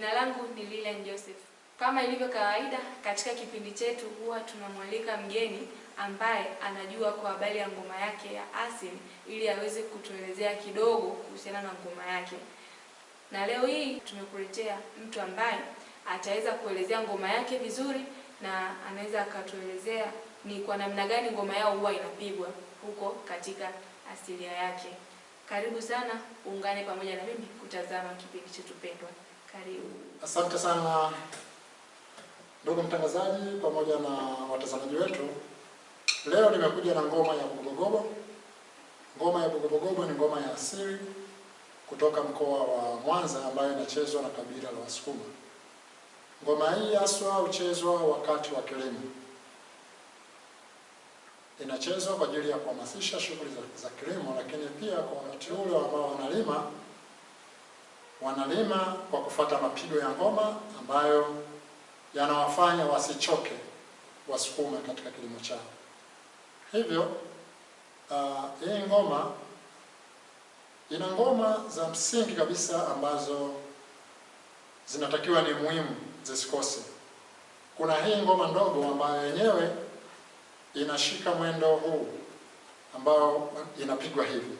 Jina langu ni Lilian Joseph. Kama ilivyo kawaida, katika kipindi chetu huwa tunamwalika mgeni ambaye anajua kwa habari ya ngoma yake ya asili ili aweze kutuelezea kidogo kuhusiana na ngoma yake. Na leo hii tumekuletea mtu ambaye ataweza kuelezea ngoma yake vizuri na anaweza akatuelezea ni kwa namna gani ngoma yao huwa inapigwa huko katika asilia yake. Karibu sana, uungane pamoja na mimi kutazama kipindi chetu pendwa. Karibu. Asante sana ndugu mtangazaji pamoja na watazamaji wetu. Leo nimekuja na ngoma ya Bugobogobo. Ngoma ya Bugobogobo ni ngoma ya asili kutoka mkoa wa Mwanza ambayo inachezwa na kabila la Wasukuma. Ngoma hii haswa huchezwa wakati wa kilimo. Inachezwa kwa ajili ya kuhamasisha shughuli za, za kilimo, lakini pia kwa wakati ule ambao wanalima wanalima kwa kufata mapigo ya ngoma ambayo yanawafanya wasichoke wasukume katika kilimo chao. Hivyo uh, hii ngoma ina ngoma za msingi kabisa ambazo zinatakiwa ni muhimu zisikose. Kuna hii ngoma ndogo ambayo yenyewe inashika mwendo huu ambao inapigwa hivi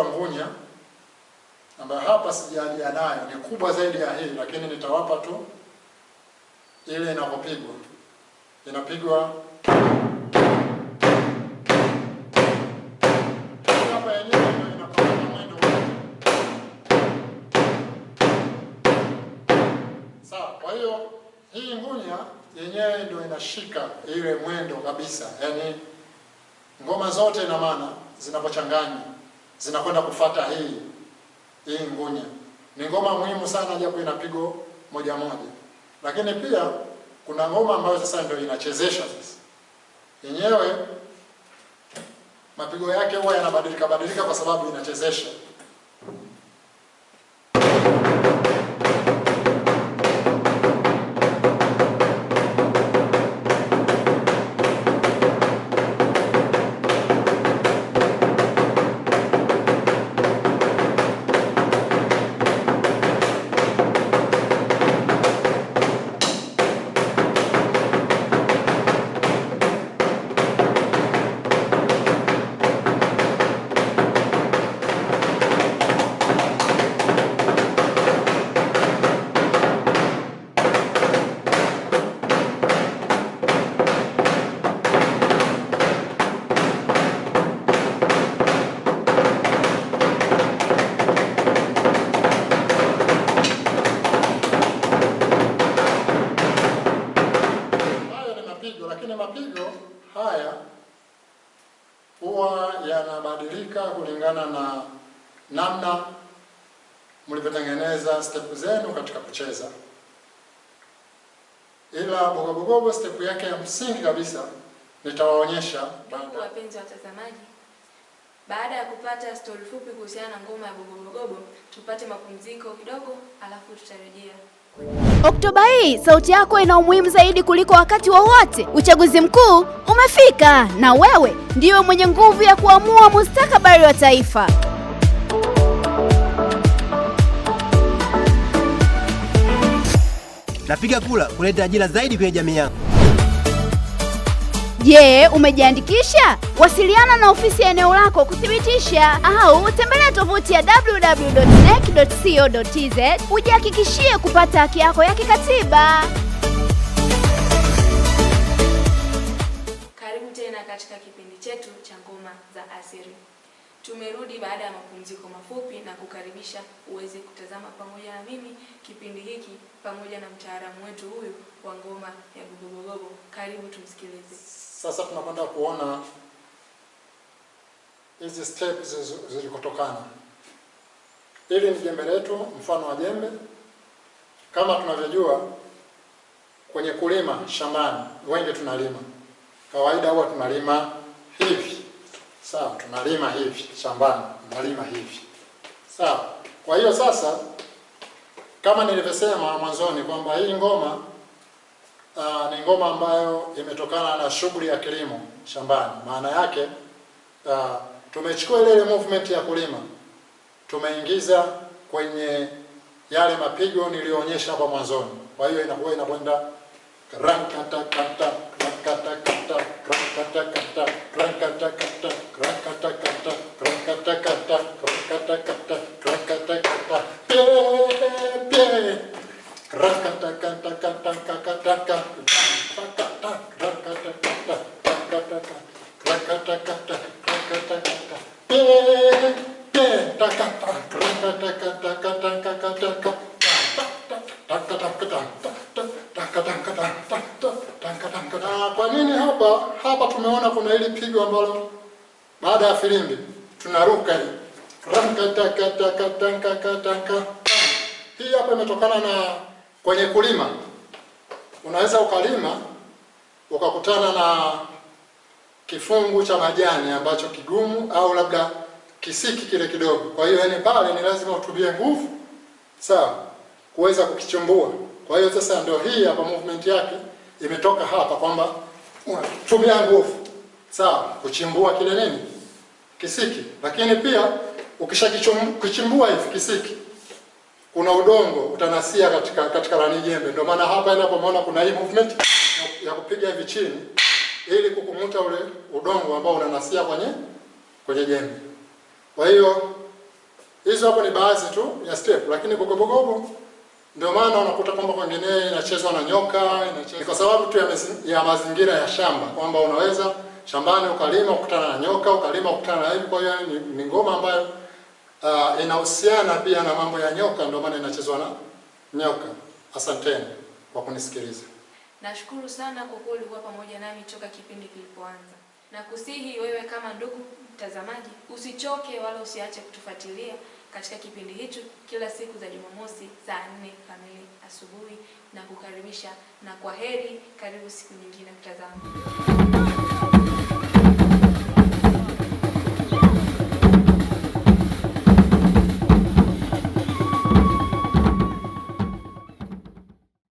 inaitwa Ngunya ambayo hapa sijaja nayo, ni kubwa zaidi ya hii, lakini nitawapa tu ile inakopigwa, inapigwa hii ngunya yenyewe ndio inashika ile mwendo kabisa, yaani ngoma zote ina maana zinapochanganywa zinakwenda kufata hii hii Ngunya. Ni ngoma muhimu sana, japo inapigo moja moja, lakini pia kuna ngoma ambayo sasa ndio inachezesha sasa yenyewe mapigo yake huwa yanabadilika badilika kwa sababu inachezesha. kulingana na namna mlivyotengeneza step zenu katika kucheza. Ila Bogobogobo step yake ya msingi kabisa nitawaonyesha baada. Wapenzi watazamaji, baada ya kupata stori fupi kuhusiana na ngoma ya Bogobogobo, tupate mapumziko kidogo, alafu tutarejea. Oktoba hii sauti yako ina umuhimu zaidi kuliko wakati wowote. Uchaguzi mkuu umefika na wewe ndiwe mwenye nguvu ya kuamua mustakabali habari wa taifa. Napiga kula kuleta ajira zaidi kwenye jamii yangu. Je, yeah, umejiandikisha? Wasiliana na ofisi ya eneo lako kuthibitisha au tembelea tovuti ya www.nec.co.tz ujihakikishie kupata haki yako ya kikatiba. Karibu tena katika kipindi chetu cha Ngoma za Asili. Tumerudi baada ya mapumziko mafupi na kukaribisha uweze kutazama pamoja na mimi kipindi hiki pamoja na mtaalamu wetu huyu wa ngoma ya gogogogogo. Karibu tumsikilize. Sasa tunakwenda kuona hizi steps zilikotokana. Hili ni jembe letu, mfano wa jembe. Kama tunavyojua kwenye kulima shambani, wengi tunalima kawaida, huwa tunalima hivi sawa, tunalima hivi shambani, tunalima hivi sawa. Kwa hiyo sasa, kama nilivyosema mwanzoni kwamba hii ngoma uh, ni ngoma ambayo imetokana na shughuli ya kilimo shambani. Maana yake uh, tumechukua ile ile movement ya kulima tumeingiza kwenye yale mapigo niliyoonyesha hapa mwanzoni. Kwa hiyo inakuwa inakwenda rankata kanta kata kata kata kata kata hapa hapa tumeona kuna hili pigo ambalo baada ya filimbi tunaruka hii hii hapa imetokana na kwenye kulima. Unaweza ukalima ukakutana na kifungu cha majani ambacho kigumu au labda kisiki kile kidogo. Kwa hiyo, yani pale ni lazima utumie nguvu, sawa, kuweza kukichumbua. Kwa hiyo sasa ndio hii hapa movement yake imetoka hapa kwamba tumia nguvu sawa kuchimbua kile nini kisiki, lakini pia ukishakichimbua hivi kisiki kuna udongo utanasia katika katika rani jembe. Ndio maana hapa inapomona kuna hii movement ya kupiga hivi chini ili kukumuta ule udongo ambao unanasia kwenye kwenye jembe. Kwa hiyo hizo hapo ni baadhi tu ya step, lakini bogobogobo ndio maana unakuta kwamba kwingine inachezwa na nyoka, inachezwa kwa sababu tu ya, ya mazingira ya shamba, kwamba unaweza shambani ukalima ukutana na nyoka, ukalima ukutana na hivi. Kwa hiyo ni, ni ngoma ambayo uh, inahusiana pia na mambo ya nyoka, ndio maana inachezwa na nyoka. Asanteni kwa kunisikiliza. Nashukuru sana kwa kuwa ulikuwa pamoja nami toka kipindi kilipoanza, na kusihi wewe kama ndugu mtazamaji usichoke wala usiache kutufuatilia katika kipindi hicho kila siku za Jumamosi saa nne kamili asubuhi, na kukaribisha na kwa heri, karibu siku nyingine kutazama